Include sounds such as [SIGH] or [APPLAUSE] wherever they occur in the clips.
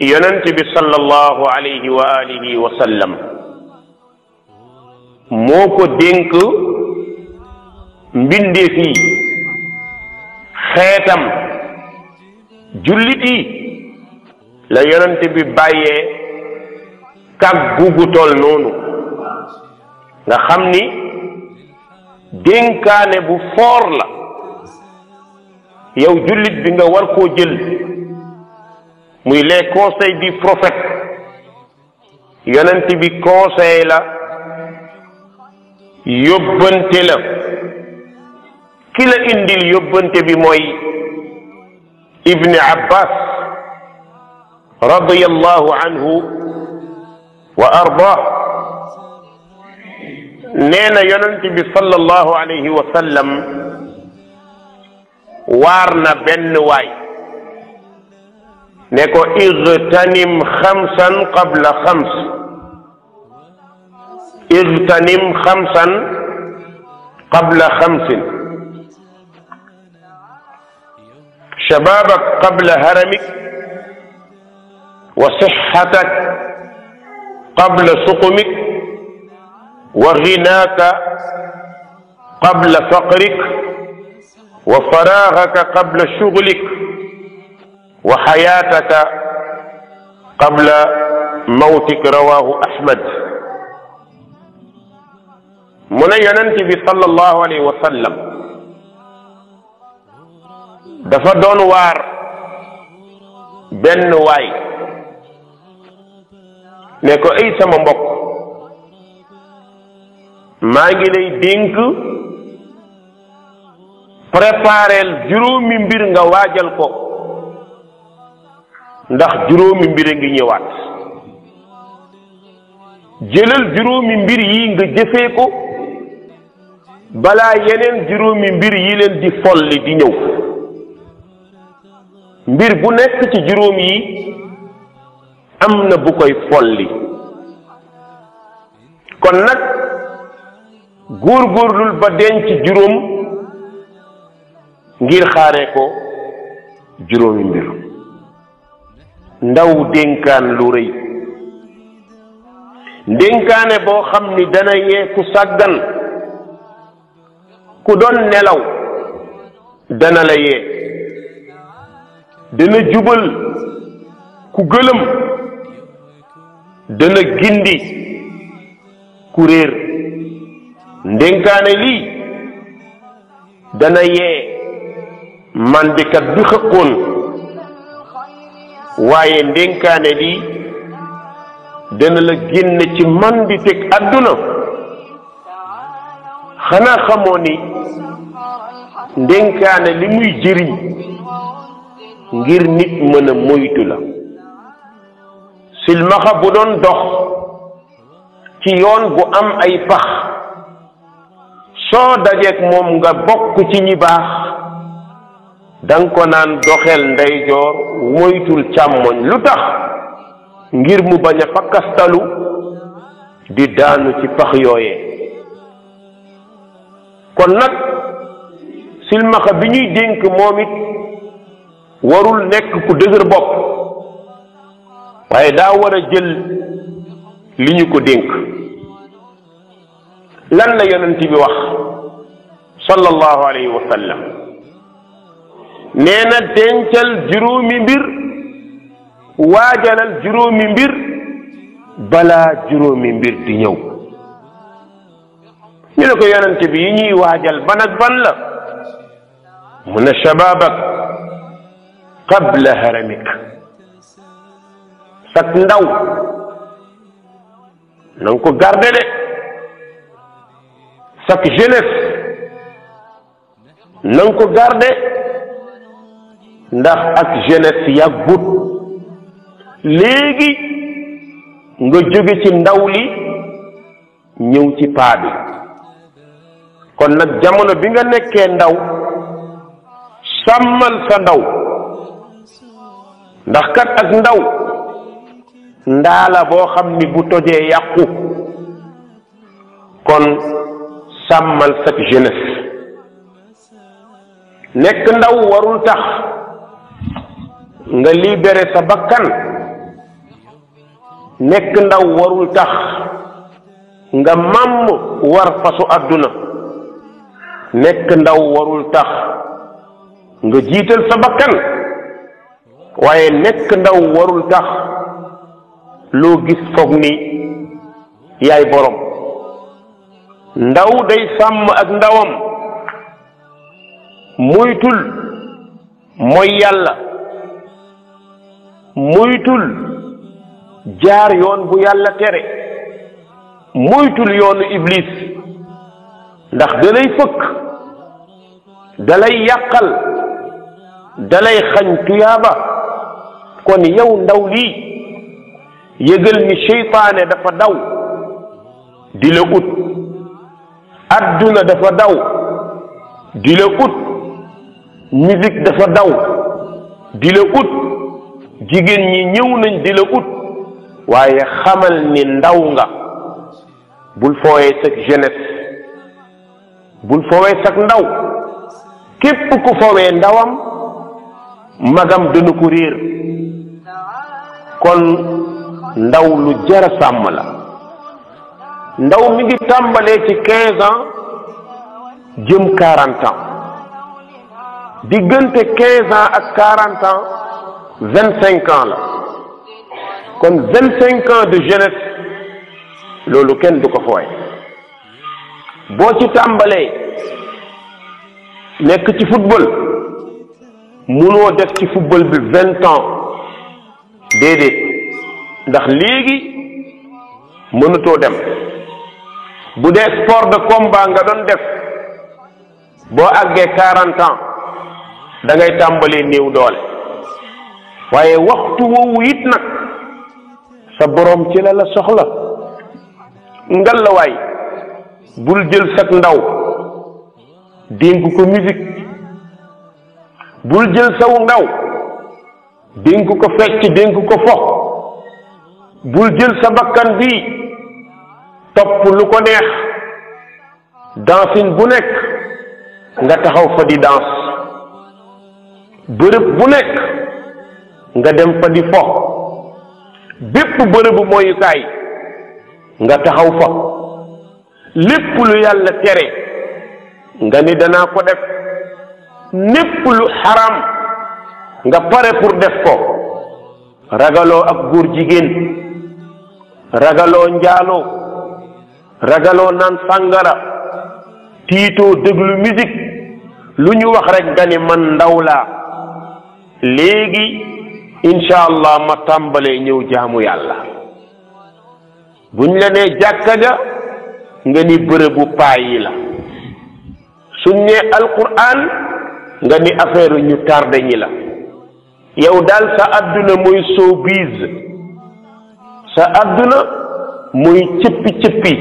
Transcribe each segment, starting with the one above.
يننت بصلى الله عليه وآله وسلم موكو دينك بندي في خيتم جلتي لا يننت ببايي كاك غوغو تول نونو نا خمني دينكاني بو لا يو جلت بيغا وركو جلت muy les conseils du prophète yonent bi conseil la yobante la ki la indil yobante bi moy ibni abbas رضي الله عنه وارضاه نينا na yonent bi sallallahu alayhi wa sallam waar na نيكو اغتنم خمسا قبل خمس اغتنم خمسا قبل خمس شبابك قبل هرمك وصحتك قبل سقمك وغناك قبل فقرك وفراغك قبل شغلك وحياتك قبل موتك رواه أحمد من يننت في صلى الله عليه وسلم دفا دون وار بن واي نكو اي سما مبوك ماغي لي دينك préparel juróomi mbir nga waajal ko ndax juróomi mbir a ngi ñëwaat jëlal juróomi mbir yi nga jëfee ko balaa yeneen juróomi mbir yi leen di folli di ñëw mbir bu nekk ci juróom yi am na bu koy folli kon nag góorgóorlul ba denc juróom ngir xaare ko juróomi mbir ndaw dénkaan lu rëy dénkaane boo xam ni dana yee ku sàggan ku doon nelaw dana la yee dana jubal ku gëlëm dana gindi ku réer ndénkaane lii dana yee mandikat bi xëqoon waaye ndénkaane bi dana la génn ci man di teg àdduna xanaa xamoo ni ndénkaane li muy jëriñ ngir nit mën a moytu la silmaxa bu doon dox ci yoon bu am ay pax soo dajeek moom nga bokk ci ñi baax da nga ko naan doxel ndeyjoor moytul càmmoñ lu tax ngir mu bañ a fakkastalu di daanu ci pax yooyee kon nag silmaxa bi ñuy dénk moom it warul nekk ku dëgër bopp waaye daa war a jël li ñu ko dénk lan la yonent bi wax sallallahu alayhi wa nee na dencal juróomi mbir waajalal juróomi mbir balaa juróomi mbir di ñëw ñu ne ko yonent bi yi ñuy waajal ban ak ban la mu ne shababak qabla haramik sak ndaw na nga ko garde de sak jeunesse na nga ko garde ndax ak jeunesse yàggut léegi nga jóge ci ndaw li ñëw ci paa kon nag jamono bi nga nekkee ndaw sàmmal sa ndaw ndax kat ak ndaw ndaala boo xam ni bu tojee yàqu kon sàmmal sa jeunesse nekk ndaw warul tax nga libéré sa bakkan nekk ndaw warul tax nga màmm war fasu àdduna nekk ndaw warul tax nga jiital sa bakkan waaye nekk ndaw warul tax loo gis foog ni yaay boroom ndaw day sàmm ak ndawam muytul mooy yàlla moytul jaar yoon bu yàlla tere moytul yoonu iblis ndax dalay fëkk dalay yàqal dalay xañ tuyaaba kon yow ndaw lii yëgal ni seytaane dafa daw di la ut adduna dafa daw di la ut musique dafa daw di la ut jigéen ñi ñëw nañ di la ut waaye xamal ni ndaw nga bul fooyee sag jeunesse bul fooyee sag ndaw képp ku fowee ndawam magam dana ko réer kon ndaw lu jara sàmm la ndaw mi ngi tàmbalee ci quinze ans jëm quarante ans diggante quinze ans ak quarante ans 25 ans là 25 ans de jeunesse loolu kenn du ko fooy boo ci tambalé nek ci football munoo def ci football bi 20 ans déedéet ndax légui si dem bu dee sport de combat nga doon def bo 40 ans da ngay tambalé de doole. waaye waxtu woowu it nag sa boroom ci la la soxla ngal la waay bul jël sag ndaw dénk ko musique bul jël saw ndaw dénk ko fecc dénk ko fox bul jël sa bakkan bi topp lu ko neex dansin bu nekk nga taxaw fa di danse bërëb bu nekk nga dem fa di fo bépp bërëbu mooyukaay nga taxaw fa lépp lu yàlla tere nga ni danaa ko def népp lu xaram nga pare pour def ko ragaloo ak góor jigéen ragaloo njaaloo ragaloo naan sàngara tiitoo déglu musique lu ñu wax rek nga ni man ndaw laa léegi incha ma tàmbalee ñëw jaamu yàlla buñ la nee jàkka ja nga ni bërëbu paay yi la suñ nee alquran nga ni affaire ñu tardé ñi la yow daal sa adduna mooy showbiz sa adduna mooy cëppi cëppi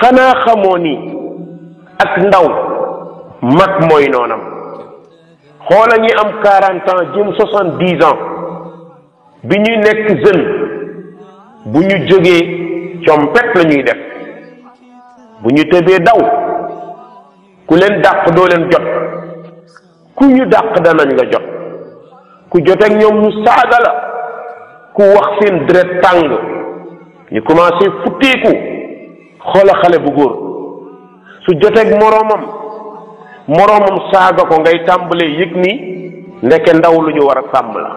xanaa xamoo ni ak ndaw mag mooy noonam xoola ñi am quarante ans jëm soixante dix ans bi ñuy nekk jeune bu ñu jógee compet la ñuy def bu ñu tëbee daw ku leen dàq doo leen jot ku ñu dàq danañ la jot ku joteeg ñoom ñu saaga la ku wax seen deret tàng ñu commencé futteeku xoola xale bu góor su joteeg moroomam moroomam saaga ko ngay tàmbalee yëg nii ndeke ndaw lu ñu war a sàmm la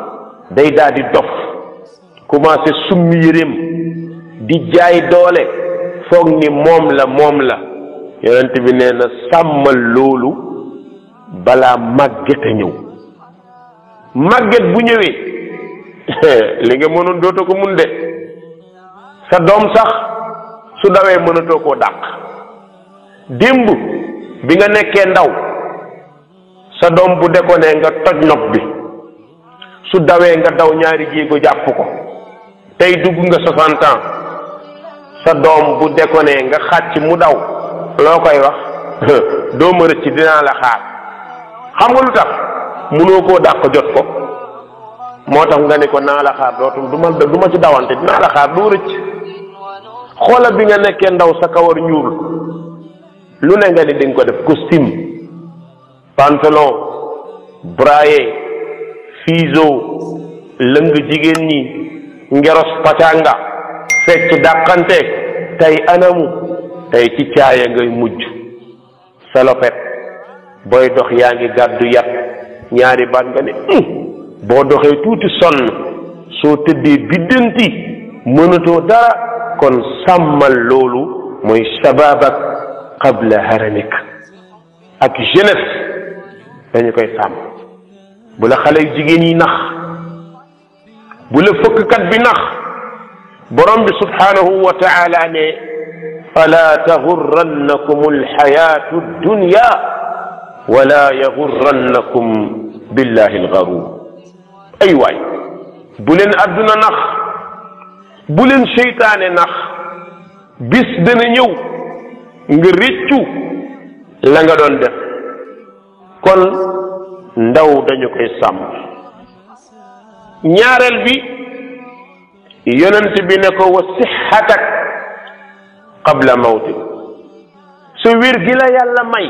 day daldi di dof commencé summi yéreem di jaay doole foog ni moom la moom la yonent bi nee na sàmmal loolu balaa màgget a ñëw màgget bu ñëwee [LAUGHS] li nga mënoon dootoo ko mun de sa doom sax su dawee mënatoo koo dàq démb bi nga nekkee ndaw sa doom bu déconné nga toj nopp bi su dawee nga daw ñaari jéego jàpp ko tey dugg nga soixante ans sa doom bu déconné nga xàcc mu daw loo koy wax [LAUGHS] doo ma rëcc dinaa la xaar xam nga lu tax mënoo koo dàq jot ko moo tax nga ne ko naa la xaar dootul du ma du ma ci dawante dinaa la xaar doo rëcc xoolal bi nga nekkee ndaw sa kawar ñuul lu ne nga ne di ko def costume pantalon braye fiso lëng jigéen ñi ngeros pacanga fecc dàqante tey anamu tey ci caaya ngay mujj salopet booy dox yaa ngi gàddu yat ñaari baat nga ne boo doxee tuuti sonn soo tëddee biddanti mënatoo dara kon sàmmal loolu mooy sababak qabla haramik ak jeunesse dañu koy sàmm bu la xale jigéen yi nax bu la fëkkkat bi nax borom bi subhanahu wa taala ne fala taxurrannakum alxayatu dunya wala yaxurrannakum billahi algarur ay waay bu leen adduna nax bu leen seytaane nax bis dana ñëw nga réccu la nga doon def kon ndaw dañu koy sàmm ñaareel bi yonent bi ne ko wa sixatak qabla mawti su wér gi la yàlla may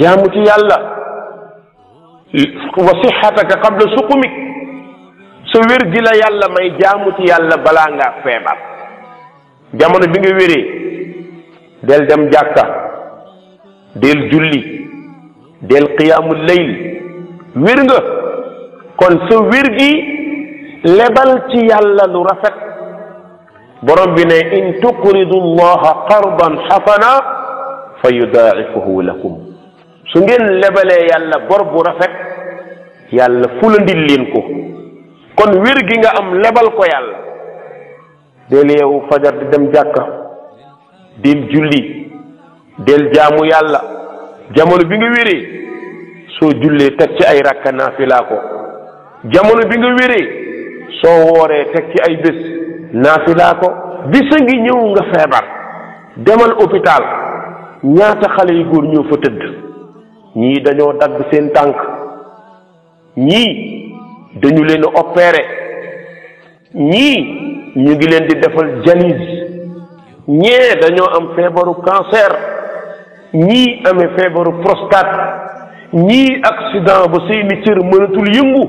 jaamu ci yàlla wa sixataka qabla suqumik su wér gi la yàlla may jaamu ci yàlla balaa ngaa feebar jamono bi nga wéree del dem jàkka del julli del qiyamul layl wir nga kon so wir gi lebal ci yàlla lu rafet borom bi ne in tuqridu allah qardan hasana fayudaa'ifuhu lakum su ngeen lebalee yàlla bor bu rafet yàlla fulandil leen ko kon wér gi nga am lebal ko yàlla del yeewu fajar di dem jàkka del julli del jaamu yàlla jamono bi nga wéree soo jullee teg ci ay rakka naafilaa ko jamono bi nga wéree soo wooree teg ci ay bés naafilaa ko bisa ngi ñëw nga feebar demal hôpital ñaata xale yu góor ñoo fa tëdd ñii dañoo dagg seen tànk ñii dañu leen opeere ñii ñu ngi leen di defal dialyse ñee dañoo am feebaru cancer ñii amee feebaru prostate ñii accident ba seeni cër mënatul yëngu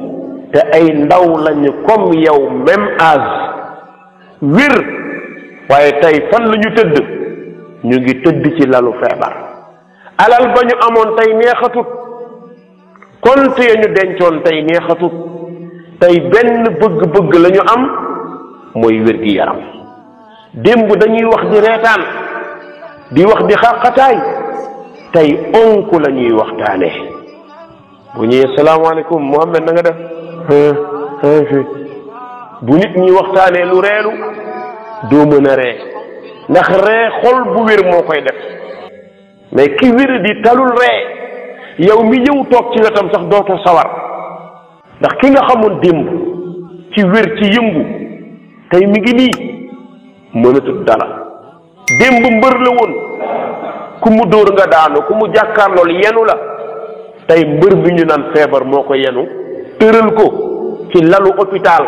te ay ndaw lañu comme yow même âge wér waaye tey fan lañu tëdd ñu ngi tëdd ci lalu feebar alal ba ñu amoon tey neexatut compte ya ñu dencoon tey neexatut tey benn bëgg-bëgg la am mooy wér gi yaram démb dañuy wax di reetaan di wax di xàqataay tey onk la ñuy waxtaane bu ñuy salaamaaleykum Mouhamed na nga def bu nit ñi waxtaanee lu reelu doo mën a ree ndax ree xol bu wér moo koy def mais ki wér di talul ree yow mi ñëw toog ci wetam sax dootoo sawar ndax ki nga xamoon démb ci wér ci yëngu tey mi ngi nii mënatul dara démb mbër la woon ku mu dóor nga daanu ku mu jàkkaarlool yenu la tey mbër bi ñu naan feebar moo ko yenu tëral ko ci lalu hôpital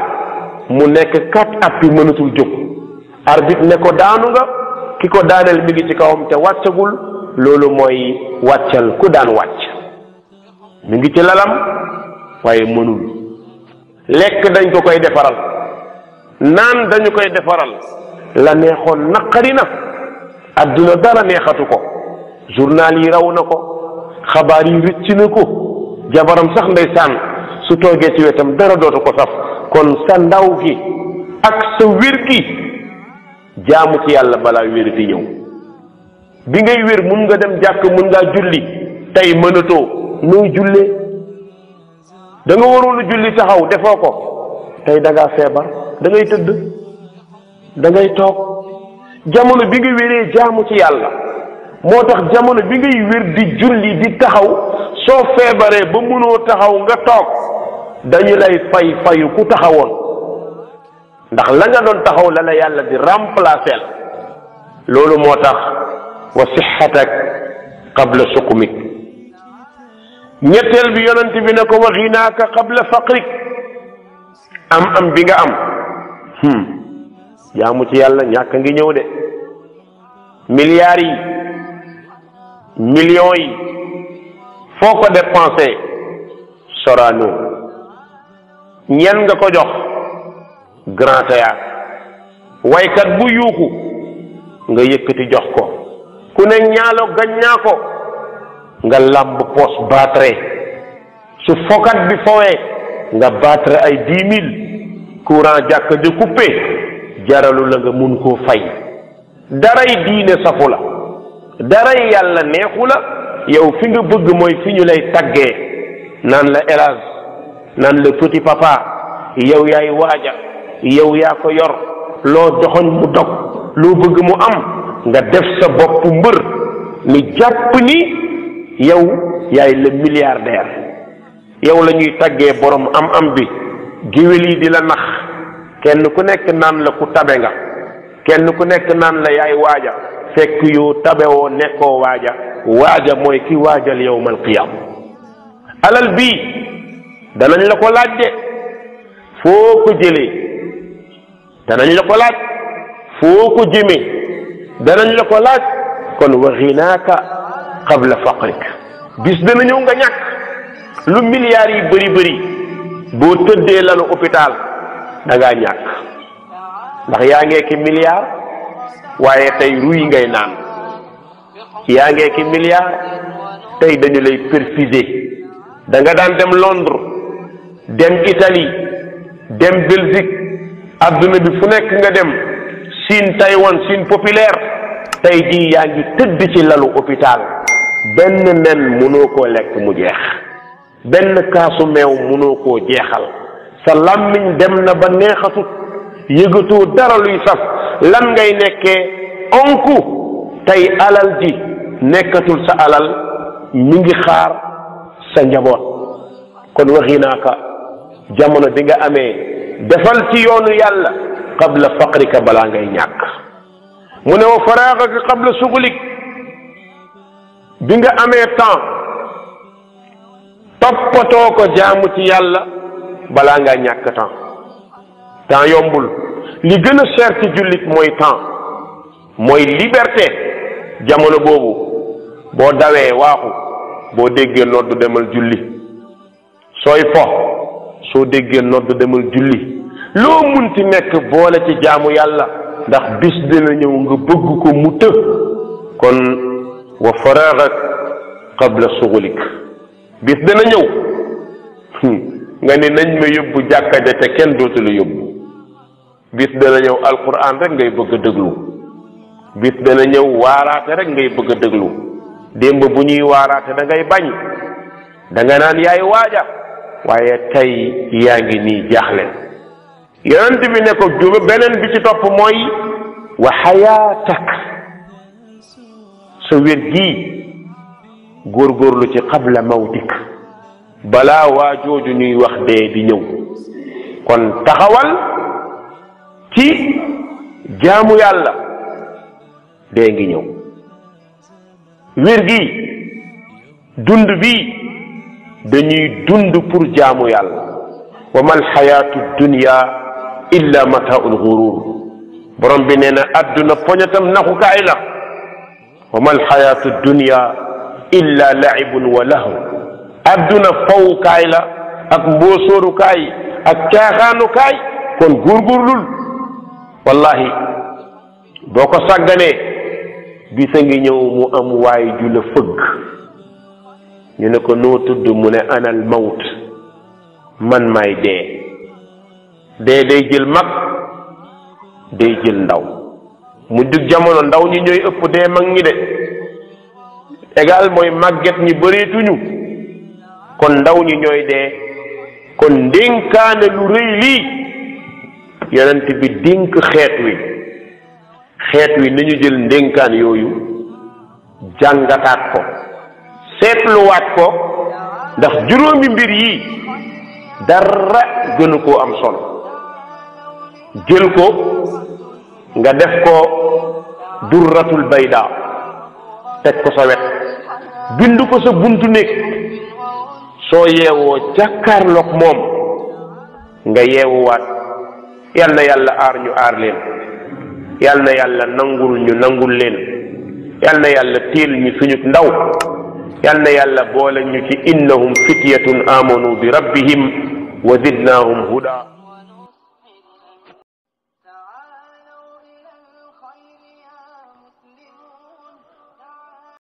mu nekk kat at bi mënatul jóg arbitre ne ko daanu nga ki ko daaneel mi ngi ci kawam te wàccagul loolu mooy wàccal ku daan wàcc mi ngi ci lalam waaye mënul lekk dañ ko koy defaral naan dañu koy defaral la neexoon naqari na adduna dara neexatu ko journal yi raw na ko xabaar yi rëcc na ko jabaram sax ndeysaan su toogee ci wetam dara dootu ko saf kon sa ndaw gi ak sa wér gi jaamu ci yàlla balaa wér di ñëw bi ngay wér mun nga dem jàkk mun ngaa julli tey mënatoo nooy jullee da nga waroon julli saxaw defoo ko tey da ngaa feebar da tëdd da ngay toog jamono bi nga wéree jaamu ci yàlla moo tax jamono bi ngay wér di julli di taxaw soo feebaree ba munoo taxaw nga toog dañu lay fay fayu ku taxawoon ndax la nga doon taxaw la la yàlla di remplacer loolu moo tax wa sixatak qabla suqmik ñetteel bi yonent bi ne ko wa xinaaka qabla faqrik am am bi nga am hmm. jaamu ci yàlla ñàkk ngi ñëw de milliards yi million yi foo ko dépensé soraanoo ñan nga ko jox grand théâtre waykat bu yuuku nga yëkkati jox ko ku ne ñaalo gañ ko nga làmb poos battre su fokat bi fowee nga battre ay dix mille courant jàkk ji coupé jaralu la nga mun koo fay daray diine safu la daray yàlla neexu la yow fi nga bëgg mooy fi ñu lay taggee naan la élage naan la petit papa yow yaay waaja yow yaa ko yor loo doxoñ mu dog loo bëgg mu am nga def sa boppu mbër ni jàpp ni yow yaay le milliardaire yow la ñuy taggee borom am am bi géwél yi di la nax kenn ku nekk naan la ku tabe nga kenn ku nekk naan la yaay waaja fekk yu tabewoo nekkoo waaja waaja mooy ki waajal yowmal qiyam alal bii danañ la ko laaj de foo ko jëlee danañ la ko laaj foo ko jëmee danañ la ko laaj kon wa xinaaka qabla faqrik bis dana ñëw nga ñàkk lu milliards yi bëri bëri boo tëddee lalu hôpital da ngaa ñàkk ndax yaa ngee ki milliard waaye tey ruy ngay naan yaa ngee ki milliard tey dañu lay perfuser da nga daan dem Londres dem Italie dem Belgique adduna bi fu nekk nga dem siin Taïwan Chine populaire tey jii yaa ngi tëdd ci lalu hôpital benn nen mënoo koo lekk mu jeex benn kaasu meew mënoo koo jeexal sa làmmiñ dem na ba neexatut yëgatoo dara luy saf lan ngay nekkee onku tey alal ji nekkatul sa alal mi ngi xaar sa njaboot kon waxinaaka jamono bi nga amee defal ci yoonu yàlla qabla faqrika balaa ngay ñàkk mu ne wa faraaxaka qabla sugulik bi nga amee temps toppatoo ko jaamu ci yàlla balaa ngaa ñàkk temps temps yombul li gën a cher ci jullit mooy temps mooy liberté jamono boobu boo dawee waaxu boo déggee nodd demal julli sooy fo soo déggee nodd demal julli loo munti nekk boole ci jaamu yàlla ndax bis dina ñëw nga bëgg ko mu të kon wa faraaxak qabla sugulik bis dana ñëw hmm. nga ni nañ ma yóbbu jàkka ja te kenn dootu la yóbbu bis dana ñëw alquran rek ngay bëgg a déglu bis dana ñëw waaraate rek ngay bëgg a déglu démb bu ñuy waaraate da ngay bañ da nga naan yaay waaja waaye tey yaa ngi nii jaaxle yonent bi ne ko juba beneen bi ci topp mooy wa xayaatak sa wér gii góorgóorlu ci qabla mawtik balaa waa jooju ñuy wax dee di ñëw kon taxawal ci jaamu yàlla dee ngi ñëw wér gi dund bi dañuy dund pour jaamu yàlla wa mal xayaatu dunya illa mataul xurur borom bi nee na àdduna poñatam naxukaay la wa mal xayaatu dunya illa laibun wa lahu adduna fawukaay la ak mboosóorukaay ak caaxaanukaay kon góorgóorlul wallahi boo ko sàgganee bi sa ngi ñëw mu am waay ju fëgg ñu ne ko noo tudd mu ne anal mawt man maay dee dee day jël mag day jël ndaw mu jug jamono ndaw ñi ñooy ëpp dee mag ñi de égal mooy màgget ñi bëreetuñu kon ndaw ñi ñooy dee kon ndénkaane lu rëy lii yonent bi dénk xeet wi xeet wi nañu jël ndénkaan yooyu jàngataat ko seet seetluwaat ko ndax juróomi mbir yi dara gënu ko am sol jël ko nga def ko durratul bayda teg ko sa wet bind ko sa buntu néeg soo yeewoo jàkkaarloog moom nga yeewuwaat yal na yàlla aar ñu aar leen yal na yàlla nangul ñu nangul leen yal na yàlla teel ñu suñu ndaw yal na yàlla boole ñu ci innahum fityatun amanu bi rabbihim wa zidnaahum huda